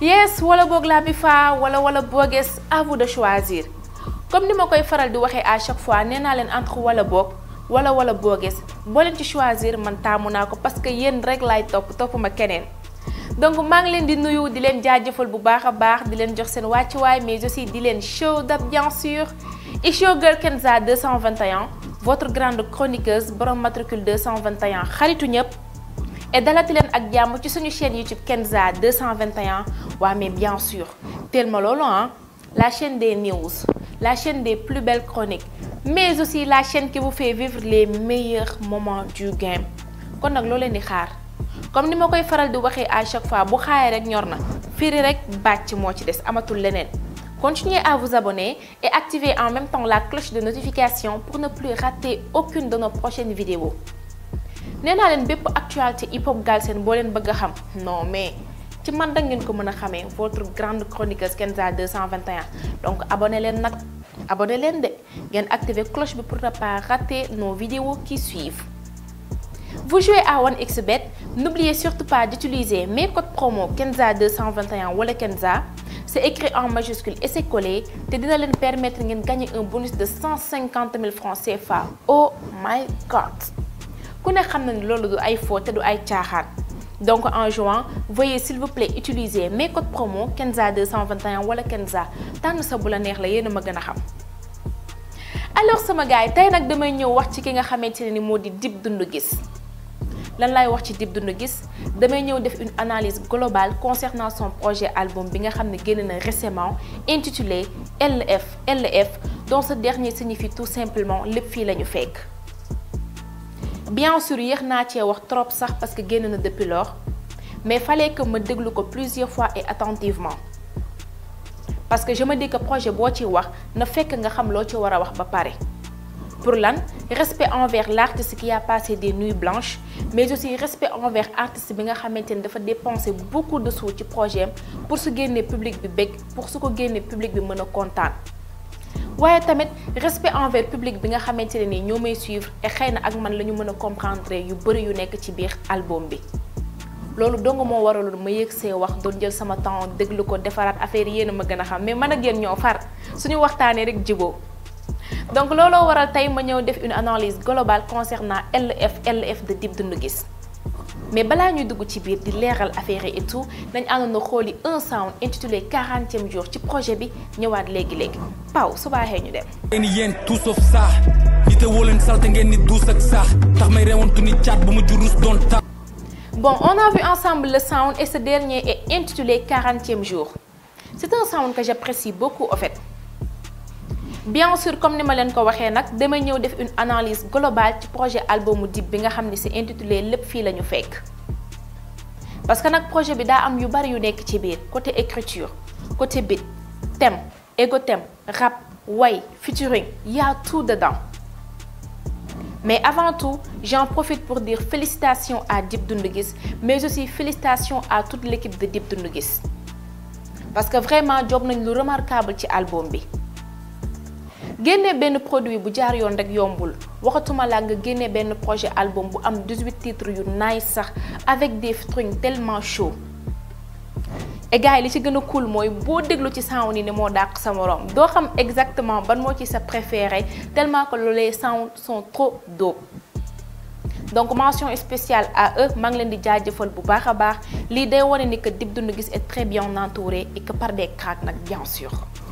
yes wala bok la mi fa wala wala à vous de choisir comme ni makoy faral di waxe à chaque fois nee len entre wala bok wala wala boogees boo len ci choisir man taamu ko parce que yéen rek lay top topp ma Kenen. donc ma ngi len di nuyu di len jaajëfal bu baakha baax di len jox way mais aussi di len show bien sûr et your girl Kenza 221 votre grande chroniqueuse borom matricule 221 xaritu ñep et d'aller à ak jamm ci suñu chaîne YouTube Kenza 221 wa mais bien sûr tellement ma hein. la chaîne des news la chaîne des plus belles chroniques mais aussi la chaîne qui vous fait vivre les meilleurs moments du game kon nak lolé ni xaar comme ni vous faral à chaque fois bu xaayee rek ñorna firi rek bàcc mo ci dess Continuez à vous abonner et activez en même temps la cloche de notification pour ne plus rater aucune de nos prochaines vidéos nee naa leen actualité hip hop Gals boo leen bëgg xam non mais ci man da ngeen ko mëna votre grande chroniqueuse Kenza 221 donc abonnez-vous nak abonné len dé ngeen activer cloche pour ne pas rater nos vidéos qui suivent. Vous jouez à 1xBet, n'oubliez surtout pas d'utiliser mes codes promo KENZA221 wala KENZA. C'est écrit en majuscule et c'est collé te dina vous permettre de gagner un bonus de 150 000 francs CFA. Oh my god! ku ne xam na loolu du ay faux donc en juin veuillez s'il vous plaît utiliser mes codes promo Kenza 221 wala Kenza tànn sa neex la alors sama gars damay ñëw wax ci ki nga ni une analyse globale concernant son projet album bi nga récemment intitulé LF LF dont ce dernier signifie tout simplement le fii la bien sûr yéex naa cee wax trop sax parce que génn depuis lors mais fallait que je déglu ko plusieurs fois et attentivement parce que je me dis que projet boo ci wax na fekk nga xam loo ci war pour lan respect envers l'artiste qui a passé des nuits blanches mais aussi respect envers artiste bi nga dépensé dépenser beaucoup de sous ci projet pour su le public bi pour su ko public bi mën waaye tamit respect envers public bi nga xamante ne nii ñoo may suivre et xëy na ak man la ñu mën a comprendre yu bëri yu nekk ci biir album bi. loolu dong moo waraloon ma yëg see wax doon jël sama temps déglu ko defaraat affaire yéen ma gën a xam mais man ak yéen ñoo far suñu waxtaanee rek jigo donc looloo waral tey ma ñëw def une analyse globale concernant LF LF de Dip Doundou gis mais balaa ñuy dugg ci biir di leeral affaire yi et tout nañ àndoon xooli un sound intitulé quarantième jour ci projet bi ñëwaat léegi léegi Pao su baaxee ñu dem. ngeen yéen tout sauf ça te woo leen salte ngeen ni duus ak sax tax may rewantu ni caat ba mu jurus doon tax. bon on a vu ensemble le sound et ce dernier est intitulé quarantième jour c'est un sound que j'apprécie beaucoup en fait bien sûr comme ni ma leen ko waxee nag ñëw une analyse globale du projet albumu Dip bi nga intitulé lépp fii la ñu fekk parce que nag projet bi daa am yu bari yu nekk ci biir côté écriture côté beat thème ego thème rap way featuring il y a tout dedans mais avant tout j'en profite pour dire félicitations à Dip Doundou mais aussi félicitations à toute l'équipe de Dip Doundou parce que vraiment job nañ lu remarquable ci album bi génne benn produit bu jaar yon rek yombul waxatuma nga benn projet album bu am 18 titres yu nice sax avec des featuring tellement chaud et gars yi li ci gëna cool moy bo déglu ci sound ni ne moo sa morom do xam exactement ban mo ci sa préféré tellement que les sound sont trop dope donc mention spéciale à eux mang ngi leen di jaajëfal bu baax baax li day woné ni que Dip Doundou gis est très bien entouré et que par des cracks nak bien sûr.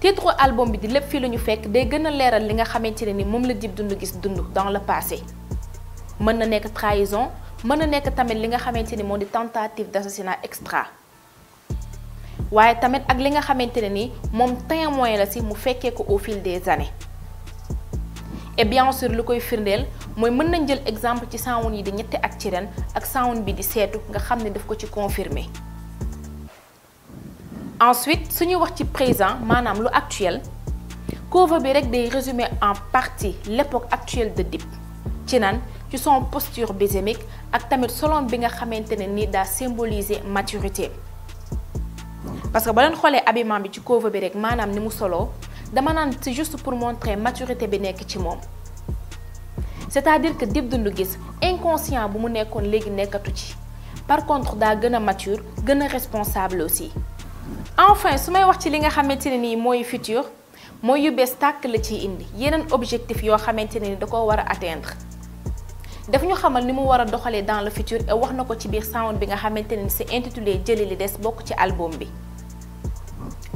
titre album bi di lépp fii la ñu fekk day gën a leeral li nga xamante ne ni moom la Dip Doundou gis dund dans le passé mën na nekk trahison mën na nekk tamit li nga xamante ni moo di tentative d'assassinat extra waaye tamit ak li nga xamante ne ni moom témoin la si mu fekkee ko au fil des années et bien sûr lu koy firndeel mooy mën nañ jël exemple ci saawun yi di ñetti at ci ren ak saawun bi di seetu nga xam ne daf ko ci confirmer ensuite su ñuy wax ci présent maanaam lu actuel cover bi rek day résumer en partie l'époque actuelle de Dip ci nan ci son posture bésémique, ak tamit solon bi nga xamante ni symboliser maturité parce que ba leen xoolee habillement bi ci cover bi rek maanaam ni mu soloo dama c'est juste pour montrer maturité bi nekk ci c'est-à-dire que Dip Doundou Guiss inconscient bu mu nekkoon léegi nekkatu ci par contre daa gën mature gën responsable aussi enfin su may wax ci li nga xamante ne nii mooy futur mooy yu bees tàkk la ci indi yeneen objectif yoo xamante ne ni da ko war a atteindre daf ñu xamal ni mu war a doxalee dans le futur et wax na ko ci biir sound bi nga xamante ne ni c'est intitulé jële li des bokk ci album bi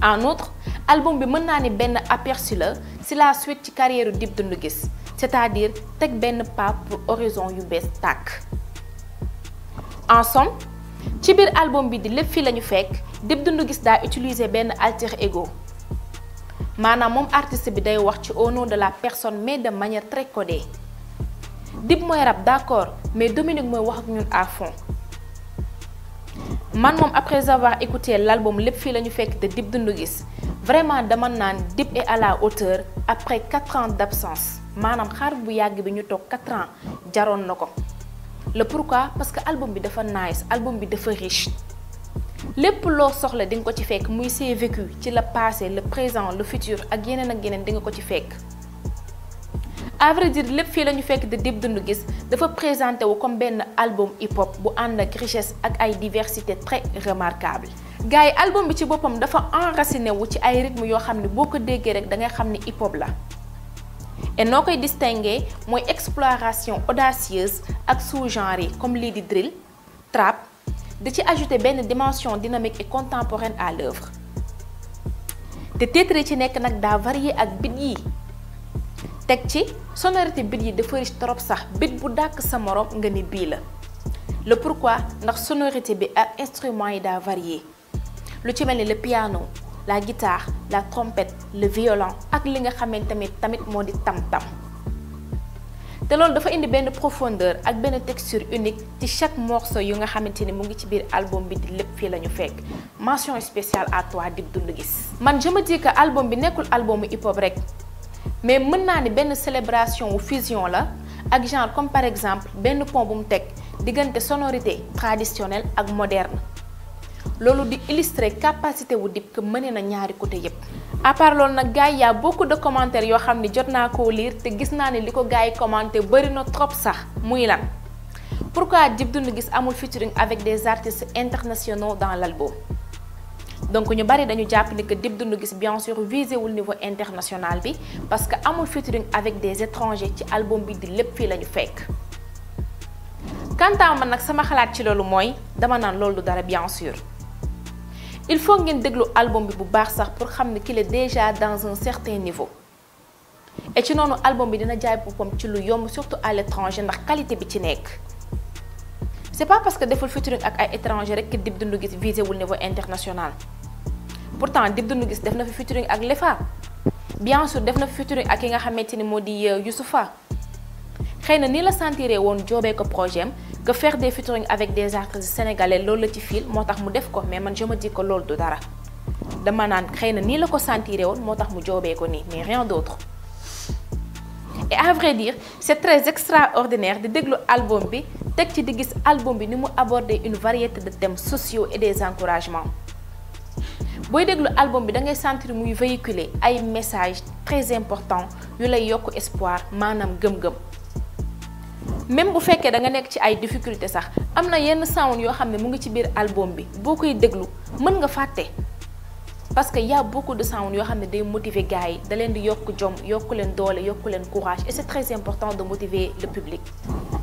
en outre album bi mën naa ni benn aperçu la si la suite ci carrière Dip Doundou gis cest à teg benn pas pour horizon yu bees tàkk en somme ci biir album bi di lépp fii la ñu fekk Dip Doundou a utilisé utiliser alter ego Manam mon artiste bi day wax ci au nom de la personne mais de manière très codée Dip moy rap d'accord mais Dominique moy wax ak ñun à fond man après avoir écouté l'album lepp fi lañu fekk de Dip Doundou vraiment dama naan Dib est à la hauteur après 4 ans d'absence Manam xaar bu yàgg bi ñu tok 4 ans jaroon nako. le pourquoi parce que album bi dafa nice album bi dafa riche lépp loo soxla di nga ko ci fekk muy ses vécu ci le passé le présent le futur ak yeneen ak yeneen di nga ko ci fekk à vrai dire lépp fii la ñu fekk de dib Doundou Guiss dafa présenté wu comme benn album hip hop bu ànd ak richesse ak ay diversité très remarquable gars yi album bi ci boppam dafa enraciné wu ci ay rythme yoo xam ne boo ko déggee rek da ngay xam hip hop la et noo koy distinguer mooy exploration audacieuse ak sous-genre yi comme lii di drill trap de ajouter une dimension dynamique et contemporaine à l'œuvre te ci ak bit yi sonorité bit yi dafa trop bit bu sa morom le pourquoi ndax sonorité bi ak instrument le piano la guitare la trompette le violon ak li nga de tamit tamit tam-tam te loolu dafa indi benn profondeur ak benn texture unique ci chaque morceau yu nga xamante ni mu ngi ci biir album bi di lépp fii la ñu fekk mention spéciale à toi Dip Doundou Guiss man je me dis que album bi nekkul album hip hop rek mais mën naa ni benn célébration ou fusion la ak genre comme par exemple benn pont bu mu teg diggante sonorité traditionnelle ak moderne lolu di illustrer capacité wu DIP que mëne na ñaari côté yépp à part lolu nak gaay ya y a beaucoup de commentaires yo xamni jotna ko lire te gis naa ne li ko gars commenté na trop sax muy lan pourquoi Dip Doundou gis amul featuring avec des artistes internationaux dans l'album donc ñu bari dañu japp ni que Dip Doundou gis bien sûr visé wul niveau international bi parce que amul featuring avec des étrangers ci album bi di lepp fi lañu fekk. quant à man nak sama xalaat ci lolu moy dama nan lolu dara bien sûr il faut ngeen déglu album bi bu baax sax pour xamné qu'il est déjà dans un certain niveau et ci noonu album bi dina jaay popom ci lu yomb surtout à l'étranger ndax qualité bi ci nek c'est pas parce que deful featuring ak ay étranger rek ki Dip Doundou Guiss visé wul niveau international pourtant dib Doundou gis def na fi featuring ak Lefa bien sûr def na fi featuring ak yi nga xamante ni modi di euh, Youssoupha ni la sentiré won ko projet que faire des featuring avec des artistes sénégalais loolu la ci fiil motax mu def ko mais man je me dis que loolu du dara dama naan xëy na nii la ko sentiré won motax mu jobé ko ni mais rien d'autre et à vrai dire c'est très extraordinaire de déglu album bi tek ci di gis album bi ni mu aborder une variété de thèmes sociaux et des encouragements boy déglu album bi da ngay sentir muy véhiculer ay messages très importants yu lay yok espoir manam gëm-gëm même bu fekkee da nga nekk ci ay difficulté sax am yenn sound ci biir album bi parce que y a beaucoup de sound qui motiver gars di courage et c'est très important de motiver le public.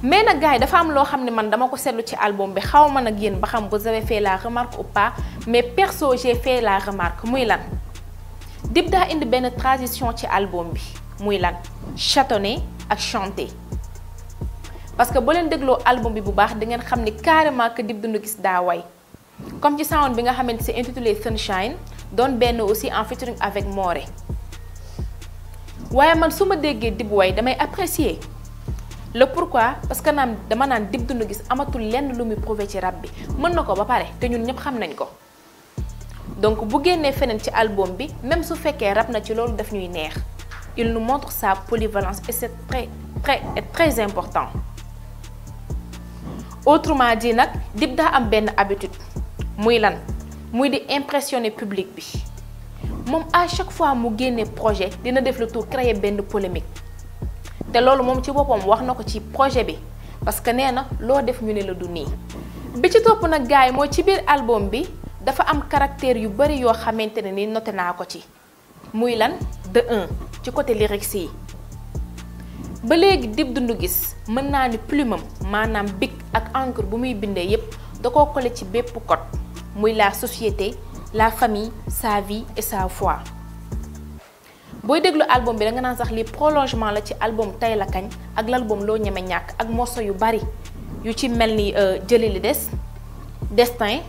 mais ne man dama ko vous avez fait la remarque ou pas mais perso j'ai fait la remarque muy lan indi transition ci album bi muy lan chanter parce que bo leen dégloo album bi bu baax di ngeen xam carrément que Dip Doundou Guiss daa way comme ci sound bi nga xamante c'est intitulé Sunshine don ben aussi en featuring avec Moré waaye man su ma déggee Dip way damay apprécier le pourquoi parce que naan dama naan Dip Doundou Guiss amatul lenn lu muy prouvé ci rab bi mën na ko ba pare te ñun ñëpp xam nañ ko donc bu génnee feneen ci album bi même su fekkee rab na ci loolu daf ñuy neex il nous montre sa polyvalence et c'est très très et très important autrement dit nak Dip daa am ben habitude muy lan muy di impressionner public bi Mom à chaque fois mu génnee projet dina def le tour créer ben polémique te lolu mom ci bopom wax nako ci projet bi parce que nee lo def ñu ne la du nii bi ci top nak gars mo ci bir album bi dafa am caractère yu bari yo xamante ni noté nako ci muy lan de un ci côté lyrics yi ba léegi Dip Doundou gis mën naa ni plumam maanaam bic ak encre bu muy bindee yépp da ko collé ci bépp code muy la société la famille sa et sa foi booy déglu album bi da nga naan sax lii prolongement la ci albom tay la kañ ak l'album loo ñeme ñàkk ak morceau yu bari yu ci mel ni euh, jëli li des destin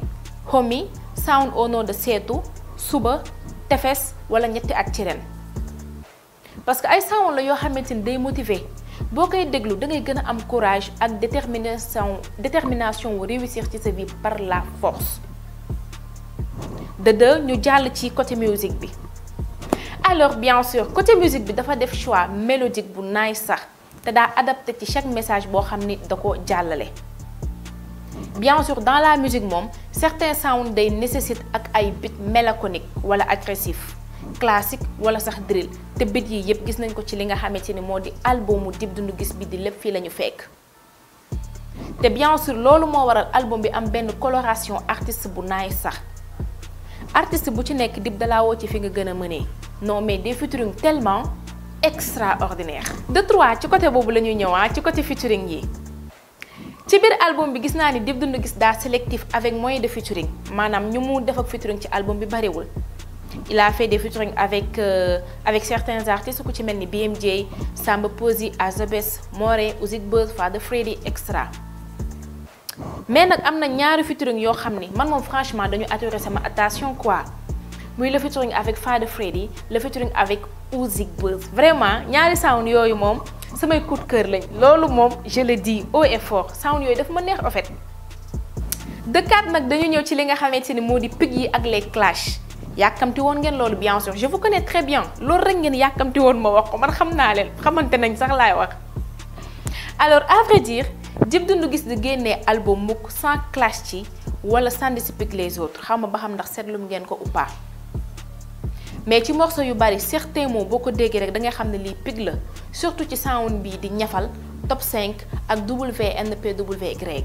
homi sound au nom de seetu suba tefes wala ñetti ak ci ren parce que ay son la yo xamante ni day motiver boo koy da ngay gëna am courage ak détermination détermination wu réussir ci sa vie par la force de deux ñu jall ci côté musique bi alors bien sûr côté musique bi dafa def choix mélodique bu nice, sax te adapté ci chaque message que xamni dako jallalé bien sûr dans la musique mom certains sound nécessitent nécessite ak ay beat mélancolique wala agressif classique wala sax drill te bit yii yëpp gis nañ ko ci li nga xamante ni moo di albumu dib Doundou gis bi di lépp fii la ñu fekk te bien loolu moo waral album bi am benn coloration artiste bu naay sax artiste bu ci nekk Dip dalaa woo ci fi nga gën a mënee non mais des featuring tellement extraordinaire de trois ci côté boobu la ñuy ñëwaat ah, ci côté featuring yi ci biir album bi gis naa ni Dip Doundou gis daa sélectif avec moyen de featuring maanaam ñu mu def ak ci album bi bariwul il a fait des featuring avec euh, avec certains artistes qui ci les BMJ Samba Posi Azabes Moré Ouzik Buzz Fada Freddy extra mais nag am na ñaari featuring yoo xam moi man moom franchement dañu attiré sama attention quoi muy le featuring avec Fada Freddy le featuring avec Ouzik Buzz vraiment ñaari sound yooyu moom samay coup de cœur lañ loolu moom je le dis haut et fort sound yooyu dafa ma neex en fait dëkkaat nag dañu ñëw ci li nga de ni avec ak les clash yakamti woon ngeen loolu bien sûr je vous connais très bien loolu rek ngeen yakamti won ma wax ko man xam naa leen nañ sax lay wax alors à vrai dire Dip Doundou Guiss di génnee album mukk sans clash ci wala sans dispique les autres xam ba xam ndax seetlum ngeen ko ou pas mais ci morceau yu bari certains mots boko ko rek da ngay xam li lii pig la surtout ci sound bi di ñafal top 5 ak WNPWY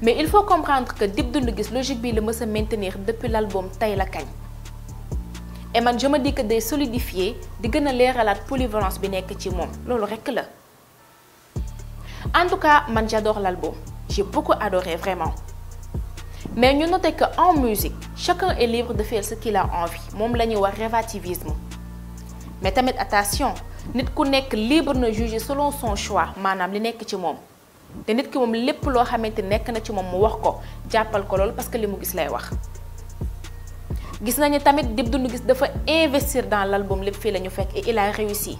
mais il faut comprendre que la logique bi la maintenir depuis l'album Taïla tay et je me dis que de solidifier gagner l'air à polyvalence bi la ci moom en tout cas man j'adore l'album j'ai beaucoup adoré vraiment mais nous notons que en musique chacun est libre de faire ce qu'il a envie moom la relativisme mais tamit attention nit sommes libres libre ne juger selon son choix maanaam li ci lui..! te nit ki moom lépp loo xamante nekk na ci moom mu wax ko jàppal ko loolu parce que li mu gis lay wax gis nañu tamit Dip Doundou Guiss dafa investir dans l'album lépp fii la ñu fekk et il a réussi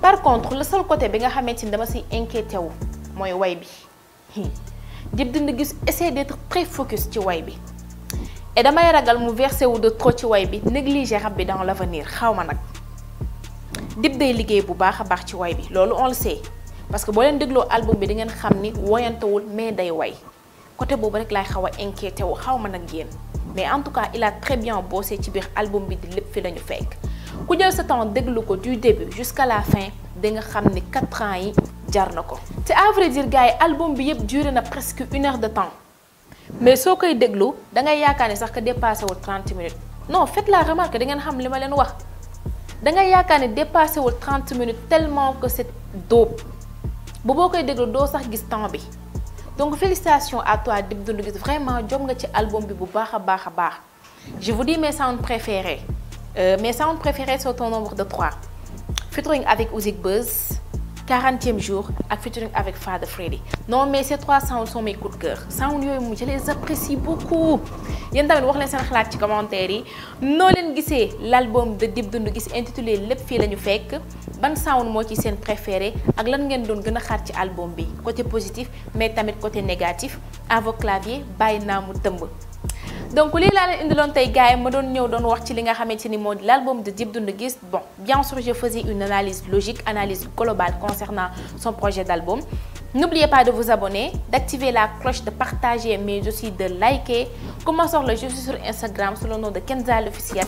par contre le seul côté bi nga xamante ni dama siy inquiété wu mooy way bi Dip Doundou gis essaie d'être très focus ci way bi et damay ragal mu versé wu de trop ci way bi négliger rab bi dans l'avenir xaw ma nag Dip day liggéey bu baax a baax ci way bi loolu on parce que si vous dégloo album bi di ngeen xam mais day way côté vous rek lay xawa inquiété wu xawma mais en tout cas il a très bien bossé ci biir album bi di lepp fi lañu fekk ku jël sa temps ko du début jusqu'à la fin vous nga xamni 4 ans yi jar ko. à vrai dire gars l'album album bi yeb duré na presque une heure de temps mais soo koy déglu da ngay yaakaar sax ka dépassé wul 30 minutes non faites la remarque di ngeen xam le ma wax da ngay dépassé wul 30 minutes tellement que c'est dope bu bokay koy do sax gis temps bi donc félicitations à toi Tu Doundou gis vraiment jom nga ci album bi bu je vous dis mes sounds préférés euh, mes sounds préférés sont au nombre de trois featuring avec Ouzik Buzz 40e jour avec featuring avec Father Freddy non mais ces trois sounds sont mes coups de cœur sounds yooyu moom je les apprécie beaucoup yéen tamit wax leen seen xalaat ci commentaire yi noo leen l'album de Dip Doundou intitulé Le fii la Fake. fekk ban sound moi ci seen préféré ak lan ngeen doon gën xaar ci album bi côté positif mais tamit côté négatif à vos claviers bàyyi naa mu donc lii laa ma wax ci l'album de Deep Doundou bon bien sûr je faisais une analyse logique analyse globale concernant son projet d'album n'oubliez pas de vous abonner d'activer la cloche de partager mais aussi de liker comment le jeu sur Instagram sous le nom de Kenza l'officiel